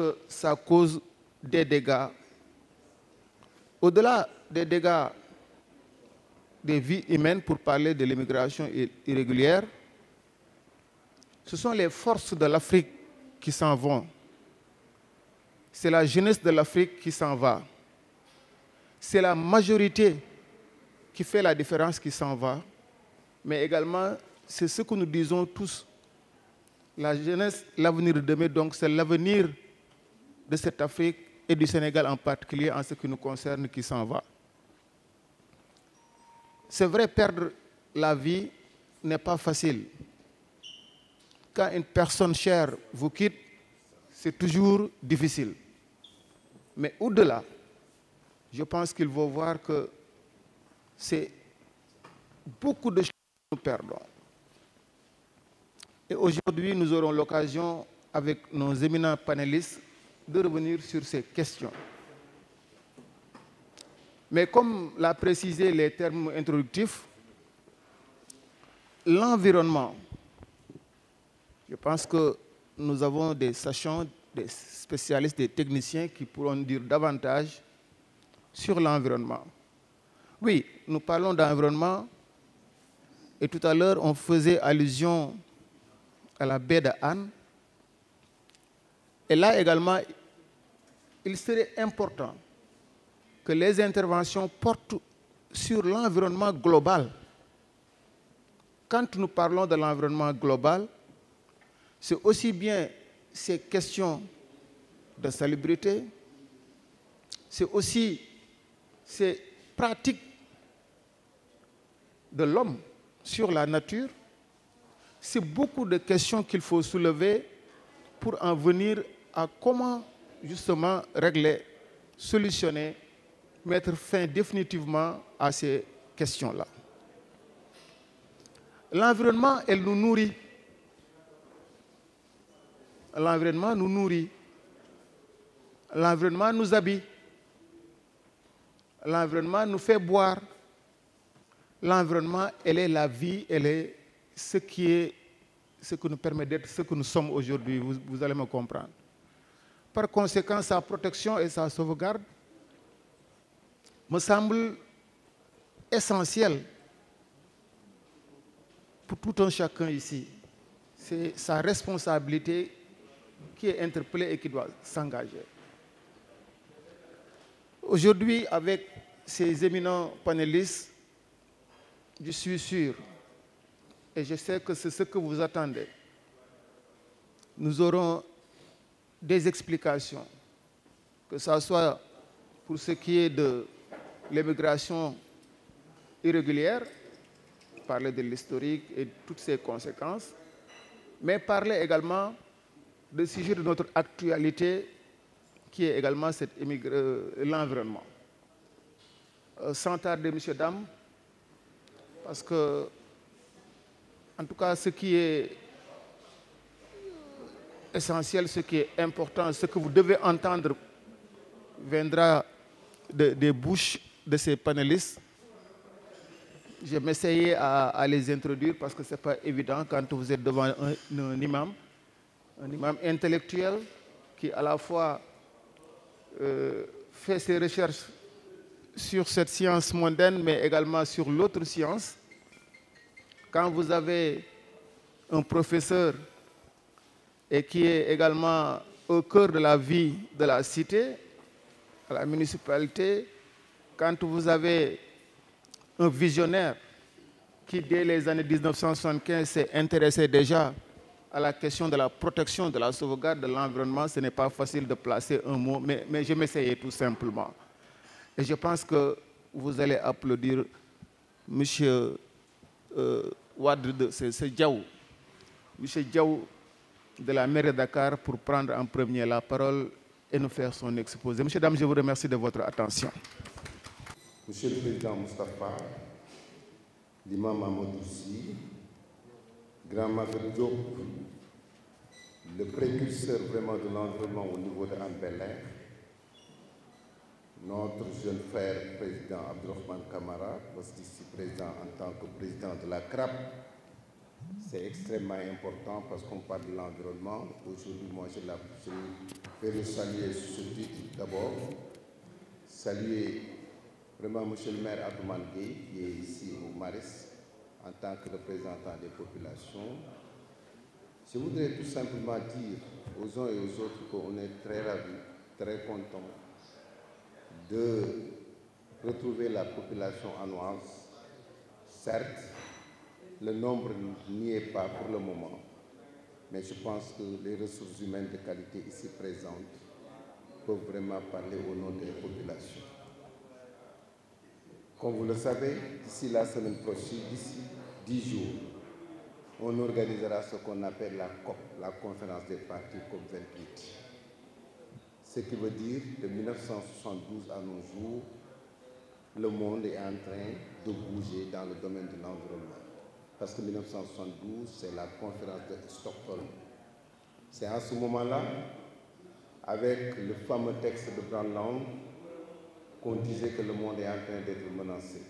que ça cause des dégâts. Au-delà des dégâts des vies humaines, pour parler de l'immigration irrégulière, ce sont les forces de l'Afrique qui s'en vont. C'est la jeunesse de l'Afrique qui s'en va. C'est la majorité qui fait la différence qui s'en va. Mais également, c'est ce que nous disons tous. La jeunesse, l'avenir de demain, donc c'est l'avenir de cette Afrique et du Sénégal en particulier en ce qui nous concerne qui s'en va. C'est vrai, perdre la vie n'est pas facile. Quand une personne chère vous quitte, c'est toujours difficile. Mais au-delà, je pense qu'il faut voir que c'est beaucoup de choses que nous perdons. Et aujourd'hui, nous aurons l'occasion, avec nos éminents panélistes, de revenir sur ces questions. Mais comme l'a précisé les termes introductifs, l'environnement, je pense que nous avons des sachants, des spécialistes, des techniciens qui pourront dire davantage sur l'environnement. Oui, nous parlons d'environnement et tout à l'heure on faisait allusion à la baie de Anne. Et là également, il serait important que les interventions portent sur l'environnement global. Quand nous parlons de l'environnement global, c'est aussi bien ces questions de salubrité, c'est aussi ces pratiques de l'homme sur la nature, c'est beaucoup de questions qu'il faut soulever pour en venir à comment justement régler, solutionner, mettre fin définitivement à ces questions-là. L'environnement, elle nous nourrit. L'environnement nous nourrit. L'environnement nous habille. L'environnement nous fait boire. L'environnement, elle est la vie, elle est ce qui est ce que nous permet d'être ce que nous sommes aujourd'hui. vous allez me comprendre par conséquent sa protection et sa sauvegarde, me semble essentiel pour tout un chacun ici. C'est sa responsabilité qui est interpellée et qui doit s'engager. Aujourd'hui, avec ces éminents panélistes, je suis sûr, et je sais que c'est ce que vous attendez, nous aurons des explications, que ce soit pour ce qui est de l'immigration irrégulière, parler de l'historique et toutes ses conséquences, mais parler également du sujet de notre actualité qui est également euh, l'environnement. Euh, sans tarder, messieurs, dames, parce que, en tout cas, ce qui est essentiel, ce qui est important, ce que vous devez entendre viendra des bouches de ces panélistes. Je vais m'essayer à, les introduire parce que ce n'est pas évident quand vous êtes devant un, imam, un imam intellectuel qui à la fois euh, fait ses recherches sur cette science mondaine, mais également sur l'autre science. Quand vous avez un professeur et qui est également au cœur de la vie de la cité, à la municipalité, quand vous avez un visionnaire qui, dès les années 1975, s'est intéressé déjà à la question de la protection, de la sauvegarde de l'environnement, ce n'est pas facile de placer un mot, mais, mais je m'essayais tout simplement. Et je pense que vous allez applaudir M. Euh, c'est de M. Djaou, de la mairie de Dakar pour prendre en premier la parole et nous faire son exposé. Monsieur, dames, je vous remercie de votre attention. Monsieur le Président Moustapha, l'imam Mamodoussi, grand maître Diop, le précurseur vraiment de l'environnement au niveau de Ambelair, notre jeune frère président Abdurrahman Kamara, aussi président en tant que président de la CRAP, c'est extrêmement important parce qu'on parle de l'environnement. Aujourd'hui, moi, je, la, vais saluer sur ce titre d'abord. Saluer vraiment M. le maire Gay, qui est ici au Maris en tant que représentant des populations. Je voudrais tout simplement dire aux uns et aux autres qu'on est très ravis, très contents de retrouver la population annoise. Certes, le nombre n'y est pas pour le moment, mais je pense que les ressources humaines de qualité ici présentes peuvent vraiment parler au nom des populations. Comme vous le savez, d'ici la semaine prochaine, d'ici 10 jours, on organisera ce qu'on appelle la COP, la conférence des partis COP28. Ce qui veut dire, de 1972 à nos jours, le monde est en train de bouger dans le domaine de l'environnement parce que 1972, c'est la conférence de Stockholm. C'est à ce moment-là, avec le fameux texte de langue, qu'on disait que le monde est en train d'être menacé.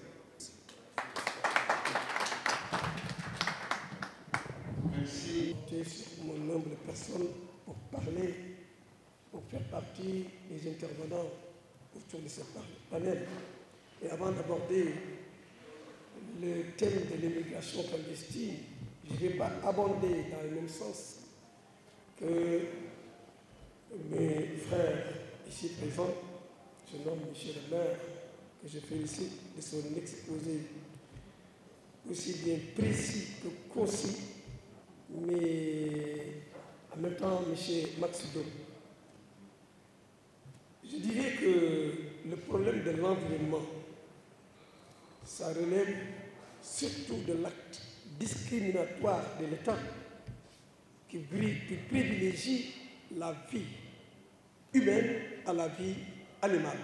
Merci. Mon nombre de personnes pour parler, pour faire partie des intervenants autour de ce panel. Et avant d'aborder le thème de l'immigration clandestine, je ne vais pas abonder dans le même sens que mes frères ici présents, je nomme M. le maire, que je félicite de son exposé aussi bien précis que concis, mais en même temps, M. Matsudo. Je dirais que le problème de l'environnement, ça relève surtout de l'acte discriminatoire de l'État qui privilégie la vie humaine à la vie animale.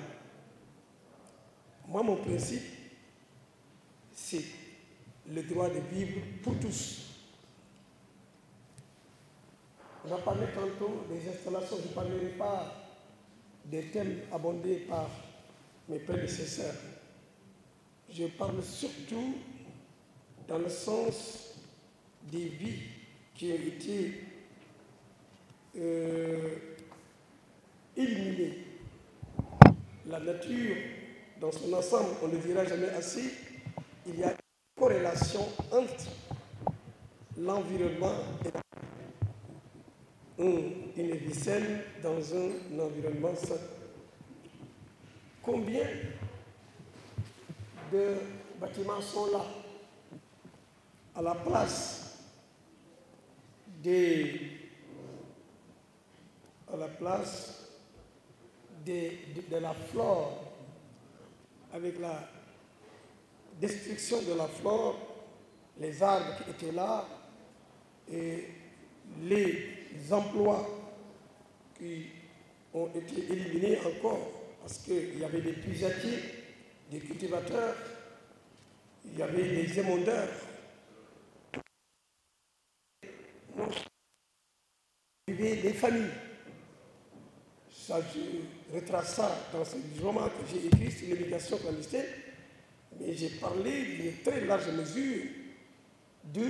Moi, mon principe, c'est le droit de vivre pour tous. J'en parlais parlé tantôt des installations, je ne parlerai pas des thèmes abondés par mes prédécesseurs. Je parle surtout dans le sens des vies qui ont été éliminées. Euh, la nature, dans son ensemble, on ne le dira jamais assez, il y a une corrélation entre l'environnement et la une dans un environnement sain. Combien de bâtiments sont là à la place des à la place de, de la flore avec la destruction de la flore les arbres qui étaient là et les emplois qui ont été éliminés encore parce qu'il y avait des puisatiers, des cultivateurs, il y avait des émondeurs des familles. Ça, je retrace ça dans ce roman que j'ai écrit sur l'éducation clandestine, mais j'ai parlé d'une très large mesure de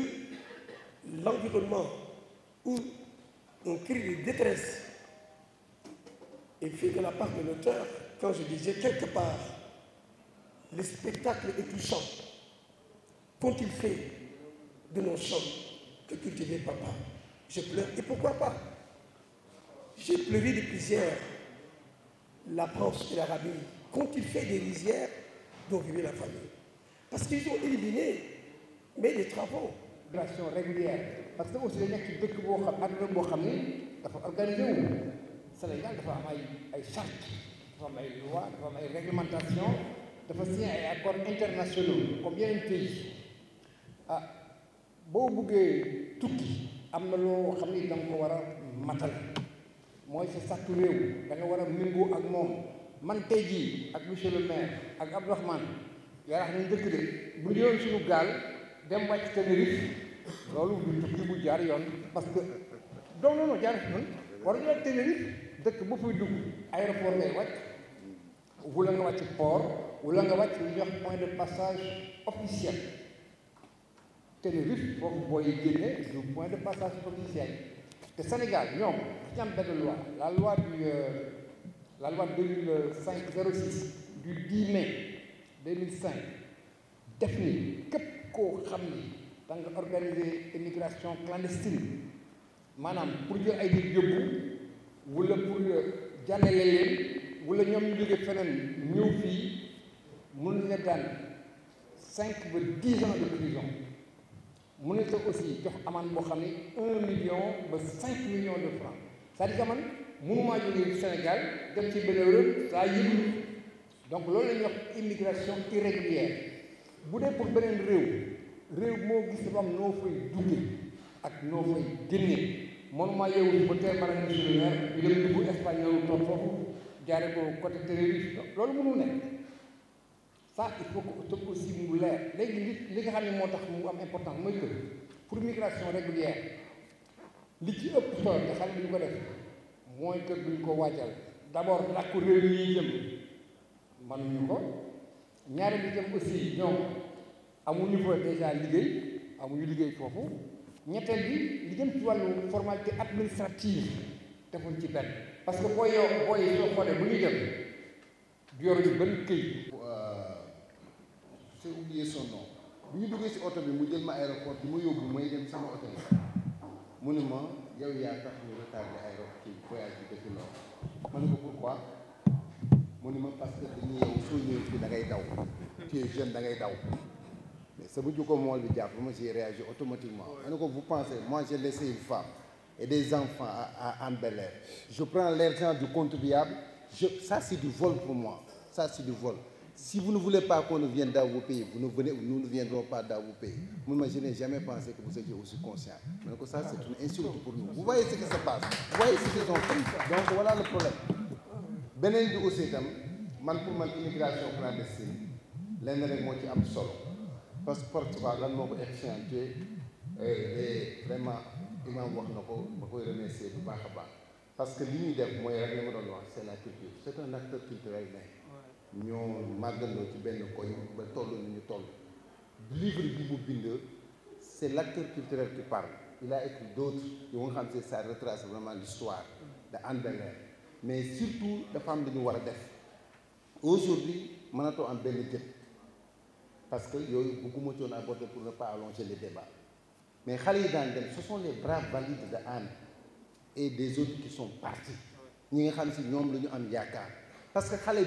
l'environnement où on crie de détresse. Et fait de la part de l'auteur, quand je disais quelque part, le spectacle est touchant. Qu'ont-ils fait de nos chambres que cultiver papa. Je pleure. Et pourquoi pas J'ai pleuré de plusieurs. La France et l'Arabie, quand il fait des rizières, dont vivait la famille. Parce qu'ils ont éliminé, mais les travaux. régulation régulière parce que aussi savez bien qu'il dëkk boo xam àdduna boo xam Il faut avoir une Sénégal il faut ay ay loi, il faut lois une réglementation. réglementations. faut réglementation signé accords internationaux Combien de pays ah, boo buggee tukki am na loo xam ni danga ko war a matal mooy sa sàkku réew da war a méngoo ak moom man tey jii ak monsieur le maire ak Abdourahmane yaraax nañ dëkk de bu ñu yoon suñu gaal dem wàcc Tenerife loolu tukki bu jaar yoon parce que doom noonu jaar si man war nga Tenerife dëkk bu fuy dugg aéroport ngay wàcc wula nga wàcc port wula nga wàcc lu point de passage officiel Pour vous voyez le point de passage officiel. Le Sénégal non, a loi la loi du euh, la loi 2005 06 du 10 mai 2005 définit que organiser immigration clandestine madame, pour jël ay vous pour euh, ñu faire une vie, vous pouvez 5 ou 10 ans de prison. mu ne te aussi jox amende boo xam ne un million ba cinq millions de francs c'est-à-dire que man mënumaa Sénégal dem ci benn réew saa yëngu donc loolu la wax immigration irrégulière bu dee pour beneen réew réew moo gis dafa noo fay duggee ak noo fay génnee mënumaa yeewu ba tey ma ne monsieur le maire ñu dem dugg Espagne toog foofu jaaree ko côté terroriste loolu mënul nekk. ça il faut que aussi mu leer léegi li nga xam ne moo tax mu am importance mooy que pour migration régulière li ci ëpp solo nga xam ne duñ ko def mooy que duñ ko waajal d'abord làkku réew mi jëm mënuñu ko ñaari bi jëm aussi ñoom amuñu fa déjà liggéey amuñu liggéey foofu ñetteel bi li jëm ci wàllu formalité administrative defuñ ci benn parce que boo yow booy soo xoolee bu ñu jëm du yoruñu benn këyit j'ai oublié son nom bu ñu duggee ci oto bi mu jël ma aéroport di ma yóbbu may dem sama oto yi mu ne ma yow yaa tax ñu retardé aéroport ci voyage bi depuis lors ma ne ko pourquoi mu ne ma parce que dañuy yow soo ñëwee fii da ngay daw tu es jeune da ngay daw mais sama jukko mool bi jàpp ma j'ai réagi automatiquement ma ne ko vous pensez moi j'ai laissé une femme et des enfants à à je prends l'argent du contribuable je ça c'est du vol pour moi ça c'est du vol si vous ne voulez pas qu'on ne vienne dans vos pays, vous ne venez, nous ne viendrons pas dans vos pays. Moi, je jamais pensé que vous étiez aussi conscient. Donc ça, c'est une insulte pour nous. Vous voyez ce qui se passe. Vous voyez ce qu'ils ont fait. Donc voilà le problème. Benin du aussi mal man pour man immigration clandestine lenn rek mots ci am solo passeport tubaab lan moo vraiment il wax na ko ma remercier parce que l'idée de def c'est la culture c'est un acteur culturel nous, màggandoo ci c'est culturel qui parle il a écrit d'autres, retrace vraiment l'histoire de mais surtout les femmes lu def aujourd'hui am qu'il y parce que de bëgguma à aborder pour ne pas allonger les débats mais Khalid ce sont les braves valides de et des autres qui sont partis parce que Khalid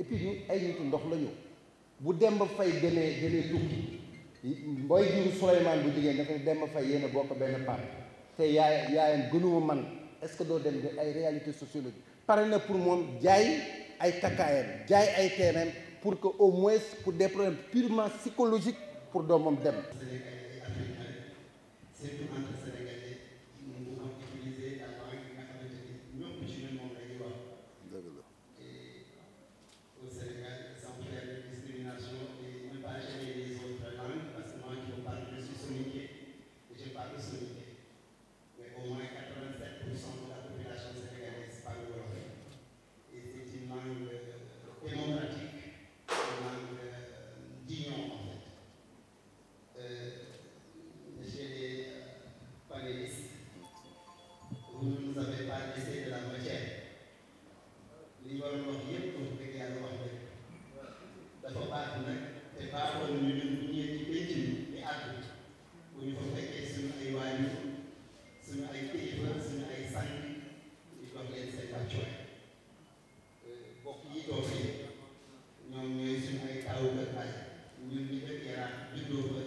et puis ñun ay nitu ndox la ñu bu Demba Faye demee demee tukki mbooy jiwu Souleymane bu jigéen dafa Demba Faye yéen a bokk benn part te yaay yaayam gënuma man est-ce que doo dem de ay réalité sociologique pare na pour moom jaay ay takkaayam jaay ay terrain pour que au moins pour des problèmes purement psychologiques pour doomam dem koy fay ñun ñu dëkk yaraax bindoo fa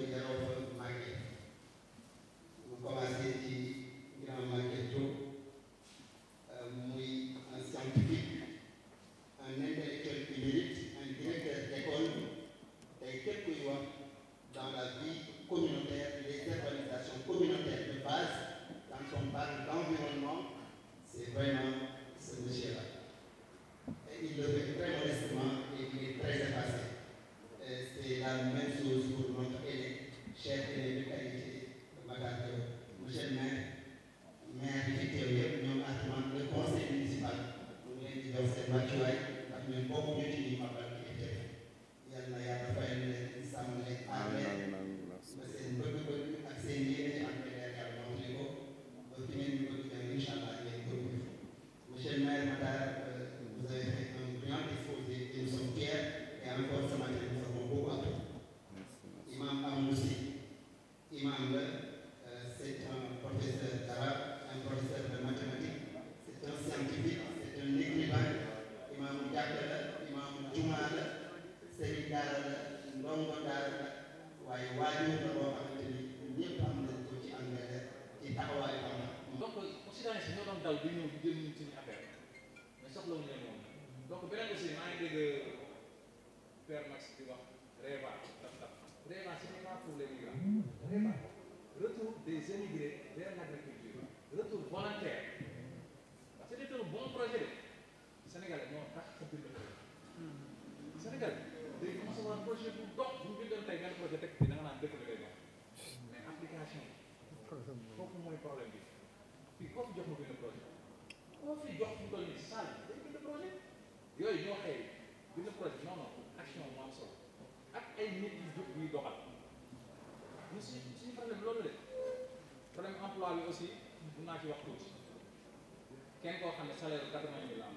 salaire quatre-vingt mille am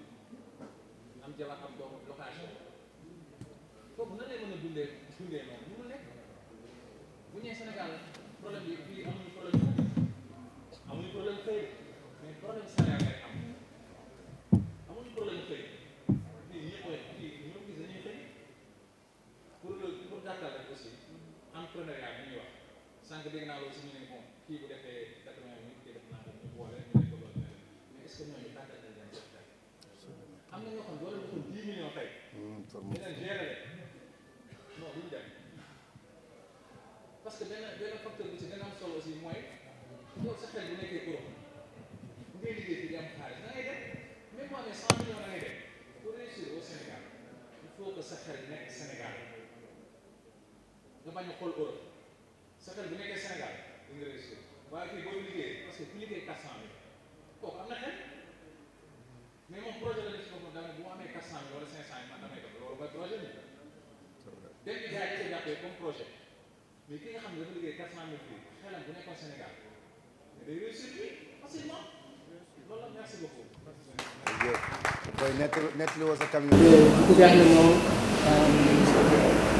am jabar am doom location kooku nan lay mën a dundee dundee noonu mënul nekk bu ñëwee Sénégal problème bi fii amuñu problème amuñu problème xëy mais problème salaire ngay am amuñu problème xëy fii ñëpp fii ñoom gis dañuy xëy pour pour gàttal rek aussi entrepreneuriat bi ñuy wax sànq dégg naa loolu si ñu ne bon kii bu defee non duñu dem parce que benn benn facteur bi ci gën a am solo aussi mooy yow sa xel bu nekkee góor bu ngay liggéey di am xaalis da ngay dem même boo amee cent millions da ngay dem pour réussir au Sénégal il faut que sa xel nekk Sénégal nga bañ a xool Europe sa xel bu nekkee Sénégal di nga réussir waaye fii boo liggéey parce que ku liggéey am na xel mais moom projet la def si boppam daanaka bu ma amee wala cinq man damay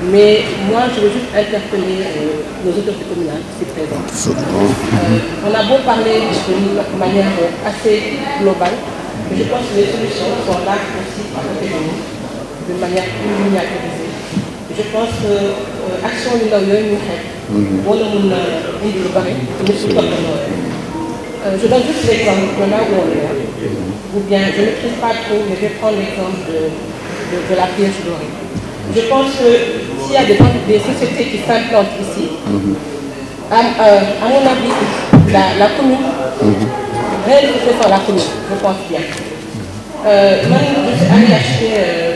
mais moi je veux juste interpeller euh, nos autorités communales euh, on a beau parler d'une manière euh, assez globale, je pense que les solutions sont là aussi de manière miniaturisée. je pense que euh, action yu ndaw yooyu ñu xeet. wala mun na indi lu bari. ñëpp ñu topp je donne juste l'exemple de a où on est. Hein. Mhm. ou bien je ne trouve pas trop mais je vais prendre l'exemple de, de, de la pièce dorée. Je pense que s'il y a des, des sociétés qui s'implantent ici, mhm. à, euh, à, mon avis, la, la commune, mhm. réellement, fait sans la commune, je pense bien. Euh, moi, je suis allée acheter. Euh,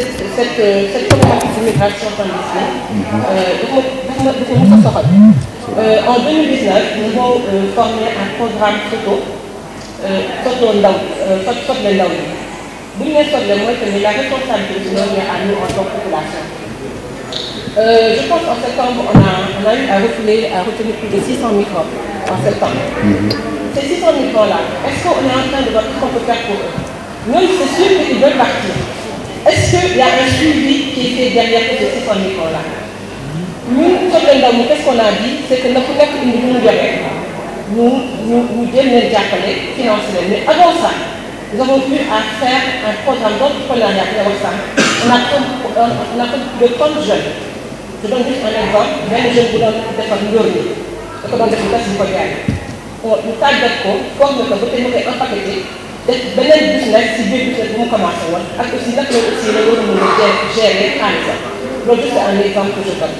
cette problématique d'immigration clandestine. daf vous daf en 2019 nous avons euh, formé un programme photo, euh, photo en euh, Fot photo en yi bu ñu nee la responsabilité de est à nous en tant que population. je pense qu'en septembre, on a, on a eu à retenir plus de 600 microbes en septembre. Mhm. Ces 600 microbes là est-ce qu'on est en train de voir ce qu'on peut faire pour eux Nous, c'est sûr qu'ils veulent partir est-ce qu'il y a un suivi qui était derrière que ces familles-là Nous, qu'est-ce qu'on a dit C'est que notre peuple nous nous nous, nous, nous financer. Mais avant ça, nous avons vu à faire un programme d'entrepreneuriat pour On a on a de de jeunes. Je donne juste un exemple, même les jeunes qui des familles Nous def beneen business si biir business bu mu commencé woon ak aussi naka la aussi la war a mën a gérer xaalisam loolu juste un exemple que je donne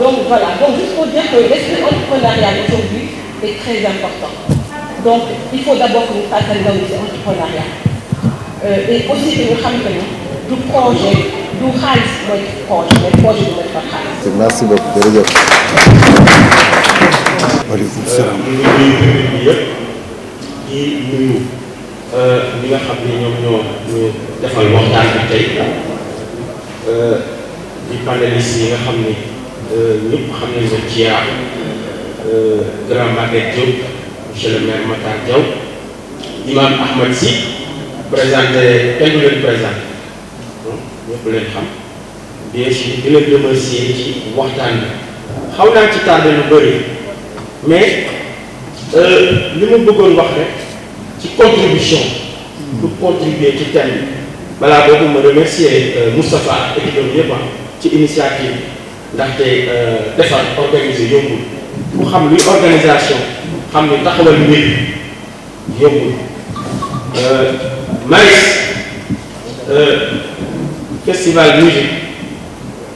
donc voilà donc juste pour dire que l'esprit entrepreneurial aujourd'hui est très important donc il faut d'abord que nous fàttali ndaw ñi et aussi que nous xam que ni du projet du xaalis mooy projet mais projet du mooy far xaalis. merci beaucoup jërëjëf. waaleykum salaam. ñu ngi nuyu Euh, ñi nga xam ne ñoom ñoo ñu defal waxtaan euh, nga xam ni euh, ñëpp xam nañ ko ci yaar grand Maguette Diop monsieur le maire imam Ahmad Sy présenté kenn leen présenté ñëpp leen xam bien sûr di leen remercier ci waxtaan bi xaw naa ci tardé lu bëri mais li wax contribution pour contribuer tout thème Voilà, je voudrais remercier euh, Moustapha et de ah ci initiative l'organisation. Euh, organiser l'organisation de xam organisation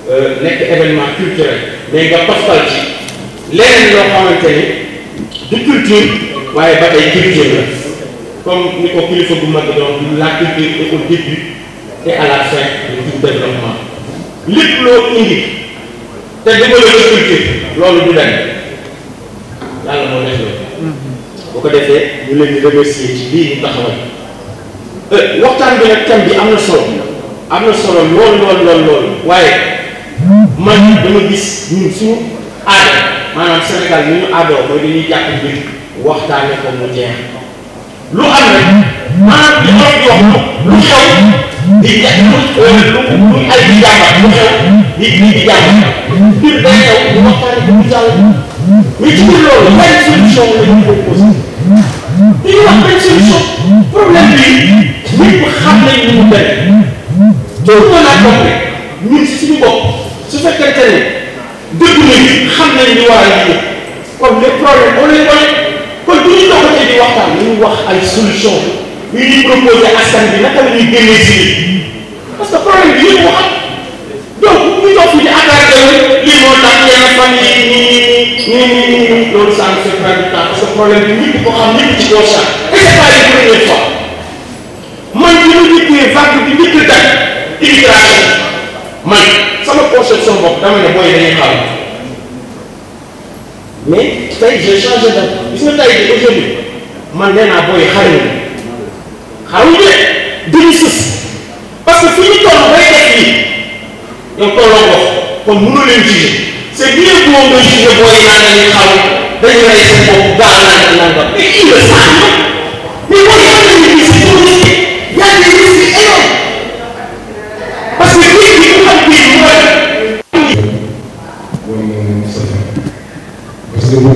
euh, musique événement culturel mais il de culture comme ni ko kilifa bu mag doon la culture est au début et à la fin du développement lépp loo indi te développé culture loolu du dem yàlla moo def loolu mhm. bu ko defee ñu leen di remercier ci lii ñu taxawal euh, waxtaan bi nag thème bi am na solo am na solo lool lool lool lool waaye man dama gis ñun suñu aada maanaam Sénégal ñu ñu aadoo mooy dañuy jàpp mbir waxtaane ko mu jeex lu am rek maanaam li koy jox lu xew di ja lu lu ay di jàmbat lu xew di di jàmbat mbir day xew bu waxtaanee bu jàll mais ci biir loolu ban solution la ñu koy posé li ñuy wax ban solution problème bi ñëpp xam nañ ni mu bëri pour mën a compter ñun si suñu bopp su fekkente ne dëgg nañu xam nañ li war a liggéey comme les problèmes on les connaît kon bu ñu doxatee di waxtaan ñu wax ay solution ñu ñuy proposé askan bi naka la ñuy génnee si parce que problème bi yëpp moo am donc bu ñu dox di attaqué lii moo tax yenn fan yi nii nii nii nii loolu ça ne fait pas du temps parce que problème bi ñëpp ko xam ñëpp ci doo sax et c'est pas la première fois man bi ñu njëkkee vague bi njëkk a daj immigration man sama conception bopp dama ne mooy dañuy xam. Mais tey j'ai changé de gis nga tey jii aujourd'hui man nee naa booy xaru parce que fi ñu toll bay def lii yow tolloo ko kon mënoo bien que moom nga juger booy yi naan dañuy xaru dañu lay seen bopp gaaw mais le mais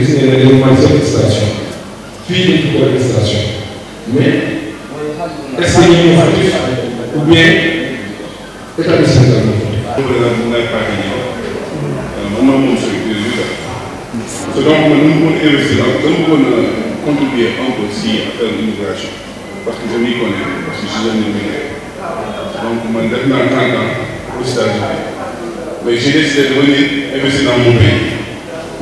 existe une réglementation d'extraction, puis une pouvoir d'extraction. Mais, est-ce qu'il est innovatif ou bien établissement euh, C'est donc nous pouvons investir, nous pouvons contribuer un peu aussi à faire l'immigration. Parce que je m'y connais, parce que je suis un immigré. Donc, maintenant, 30 ans aux États-Unis. Mais j'ai décidé de venir investir dans mon pays.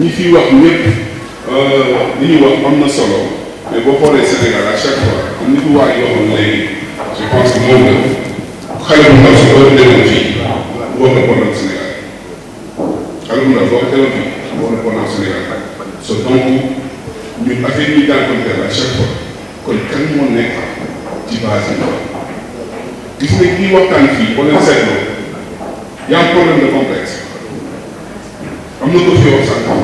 ñi fi wax ñëpp euh, li ñu wax am na solo mais boo xoolee Sénégal à chaque fois am ni ko waa yi waxoon léegi je pense que moom la xale bu ndaw si boo demoon fii war na bonal Sénégal xale bu ndaw boo demoon fii war na bonal Sénégal so donc ñun affaire yi jànkonteel à chaque fois kon kan moo nekk ci base bi gis nga kii waxtaan fii boo leen seetloo y a un problème de complexe am na fi wax sànq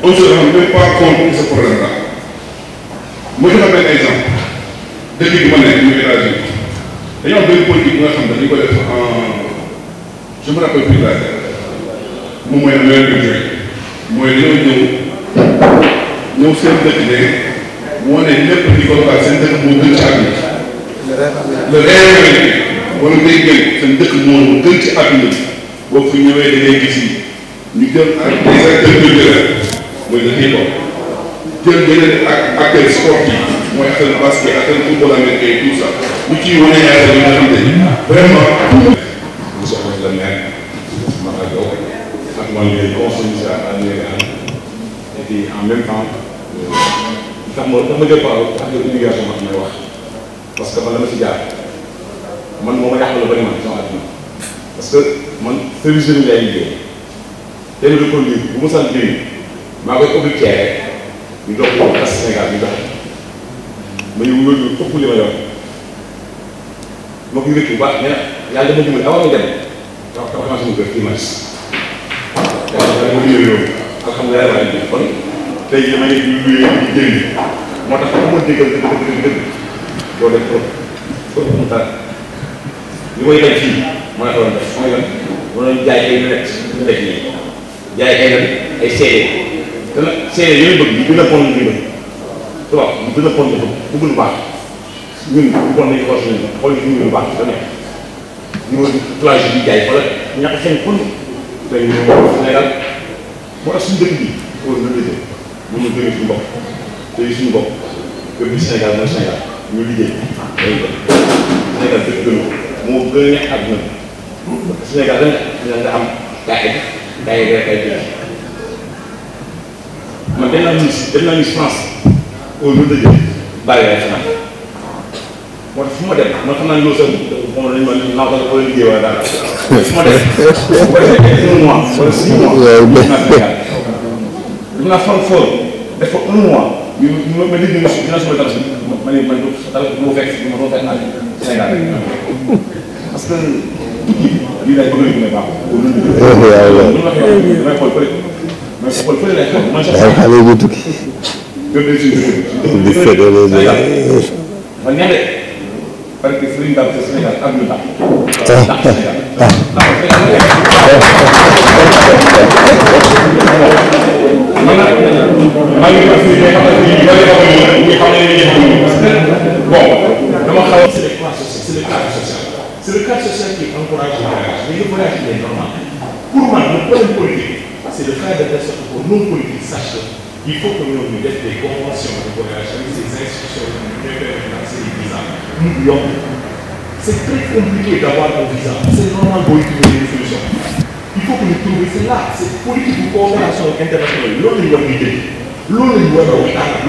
Aujourd'hui, on ne même pas compte de ce problème-là. Moi, je rappelle un exemple. Depuis que je suis venu il y a une politique qui est en. Je me rappelle plus là. Moi, je suis venu Moi, je suis venu. Nous sommes venus. Moi, je suis venu pour le c'est un peu mon gën ci àdduna. Le réel, wala ngay gën seen dëkk moom gën ci àdduna boo fi ñëwee da ngay gis ñu jël ak des acteurs culturels muy le hip-hop jël beneen ak acteur sportif mooy acteur basket acteur football américain tout ça ñu ciy wane ñaata li nga xam ne vraiment. monsieur Amady la maire Mara Diop ak man les conseillers à l' et puis en même temps tax euh, ma tax ma jël parole ak yow obligation wax may wax parce que man la ma ci jaar man moo ma yàqal bëri man sama àdduna parce que man service yi lay liggéey tey lu ko lii bu ma sant lii. maa koy obligé rek ñu dox ko tas Sénégal ñu dox ma ñu wóor ñu topp li ma yor ma ko yëg bu baax nee na yàlla dama dimbali awoon na dem taw taw naa suñu kër dimanche yàlla dama dimbali loolu alhamdulilah yàlla di kon tey jii damay ñu luyee ñu jëriñ moo tax ku ma déggal dëgg dëgg dëgg doo def trop trop mu tar li may dem fii ma la ko doon def sama yoon mënoon jaay ay net ñu nekk nii jaay ay net ay dana seede yooyu bëgg gën a pon ñu bëgg tu vois gën a pon ñu bëgg lu baax ñun pon nañu force ñu xool ñu lu baax da nekk ñu plage bi jaay wala ñàkk seen pon tey ñu Sénégal moo tax suñu dëkk bi war na liggéey bu ñu jógee suñu bopp te suñu bopp kër bi Sénégal mooy Sénégal ñu liggéey dañu ko Sénégal dëkk gënu moo gën a nekk àdduna Sénégal da nga am daay daay rek ay man dem naa ñu dem naa ñu France au nom de Dieu bàyyi waaye xanaa moo tax fu ma dem man xam naa loolu sax moom lañ ma naaw la wala liggéey wala dara fu ma dem bu ko defee un mois wala six mois def naa Sénégal def naa Francfort def fa un mois ñu ñu ma liggéey ñu dinaa suma dara ma ne man dara du ma fekk du ma fekk naa Sénégal parce que tukki lii laay bëgg a gën a baax au nom de Dieu daal xale bu tukki. c'est le fait d'être sur il faut que nous nous des conventions de ces des institutions, de les visas. Nous C'est très compliqué d'avoir nos visas. C'est normal politique de solution. Il faut que nous trouvions, c'est c'est politique de coopération internationale. L'on est l'idée. L'on est est libre. droit de, Parce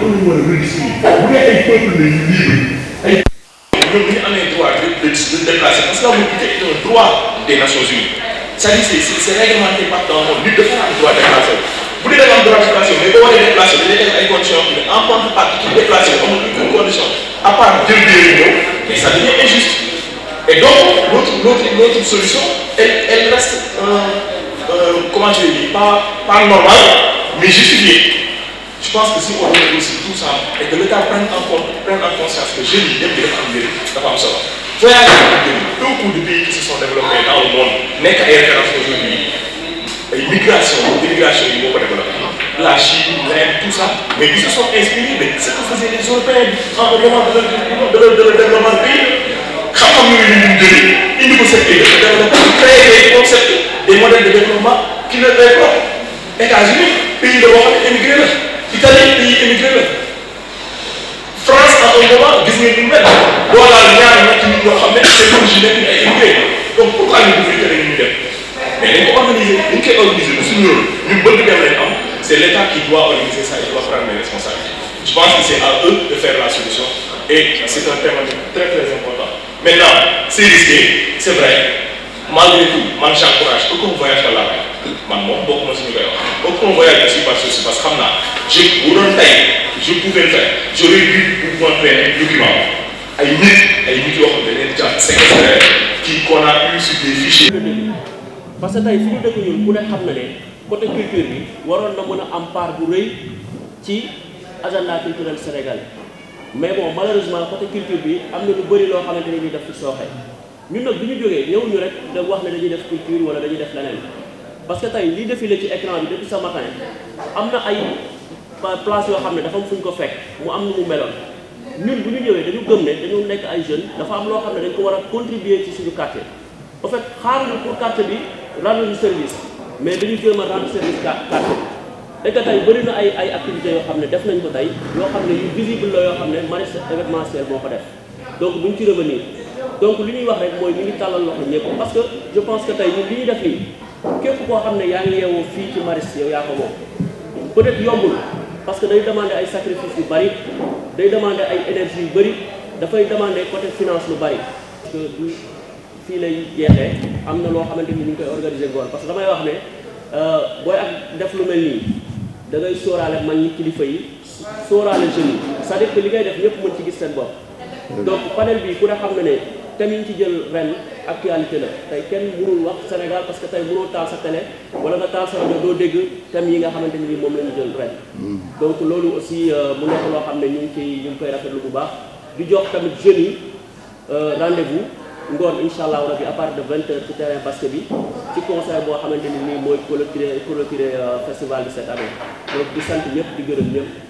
que droit des Nations cest dit, que c'est réglementé par le monde de faire un droit de Vous Vous da nga la de mais boo déplacer, déplacé dañuy def une condition, mais en contrepartie ki déplacé dans aucune condition à part deux réunions, mais ça devient injuste et donc notre solution elle elle reste comment je dis pas pas normale mais justifiée je pense que si on réussit tout ça et que l'État prenne en compte prenne en conscience que jeunes yi ñëpp di def am ça va me sortir que beaucoup de pays qui se sont développés dans le monde n'est qu'à références aujourd'hui ay l'immigration, immigration yi moo ko la Chine l'Inde tout ça mais ils se sont inspirés Mais ce que faisaient les Européens en demande de leur de développement pays quand xam yooyu nous donner ils nous seen pays dafa créer des concepts des modèles de développement qui leur est pas. États-Unis pays de l'Europe, immigrés ne émigré Italie pays émigré France à un moment gis ngeen Voilà mel boo laal ñaar ñett nit ñoo xam ne seen origine nekk ay immigré donc pourquoi ñu bëgg tere ñu dem mais dañ ko organiser dañ koy organiser ba suñu loolu ñun bëgg dem lañ qui doit organiser ça il doit prendre les responsabilités je pense que c'est à eux de faire la solution et c'est un thème très très important maintenant c'est risqué C'est vrai malgré tout man j'encourage aucun voyage à l'arrière man moom bokkuma suñu koy wax aucun voyage je parce pas c'est parce que je bu doon je pouvais le faire j'aurais dû pouvoir faire un document ay nit ay nit minute, il y secrétaire qui qu'on a eu sur des fichiers. parce que tey nous ñu dëkk la côté culture bi part mais bon malheureusement côté culture bi y a lu bëri loo une ne def ci nous ñun nag pas rek da wax dañuy def culture wala dañuy parce que tey liy défilé écran depuis ce matin a place yoo xam ne dafa am fu ñu ko fekk mu am nu mu meloon ñun bu ñu ñëwee dañu gëm ne dañu nekk ay jeunes dafa am loo xam ne dañ ko war a contribuer ci suñu quartier en fait xaaruñu pour quartier bi rendre ñu service mais dañu jéem a rendre service quartier bi. et que tey bëri na ay ay activités yoo xam ne def nañ ko tey yoo xam ne yu visible la yoo xam ne Maristes événementiel moo ko def donc buñ ci revenir donc li ñuy wax rek mooy ñu ngi tàllal loxo ñëpp parce que je pense que tey li ñuy def nii képp koo xam ne yaa ngi yeewoo fii ci Maristes yow yaa ko moom peut-être yombul. parce que day demander ay sacrifice yu bëri day demande ay énergie yu bëri dafay demande côté finance lu bari parce que du fii lay jeexee am na loo xamante ni ñu ngi koy organiser goon parce que damay wax ne euh, booy ak def lu mel nii da ngay sóoraale ñi kilifa yi sóoraale jeunes yi cest à li ngay def ñëpp mën ci gis seen bopp. donc panel bi ku ne xam nga ne. thème yi ci jël ren actualité la kenn mënul wax Sénégal parce que tey mënoo taal sa télé wala nga taal sa dégg thème yi nga xamante ni moom la ñu jël ren. Mm. donc loolu aussi euh, mu nekk loo xam ne ñu ngi ciy ñu ngi koy rafetlu bu baax di jox tamit jeunes yi euh, rendez-vous ngoon incha allah rabi à partir de 20 heures ci terrain basket bi ci concert boo xamante ni nii mooy clôturer clôturer euh, festival bi cette année donc di sant ñëpp di gërëm ñëpp.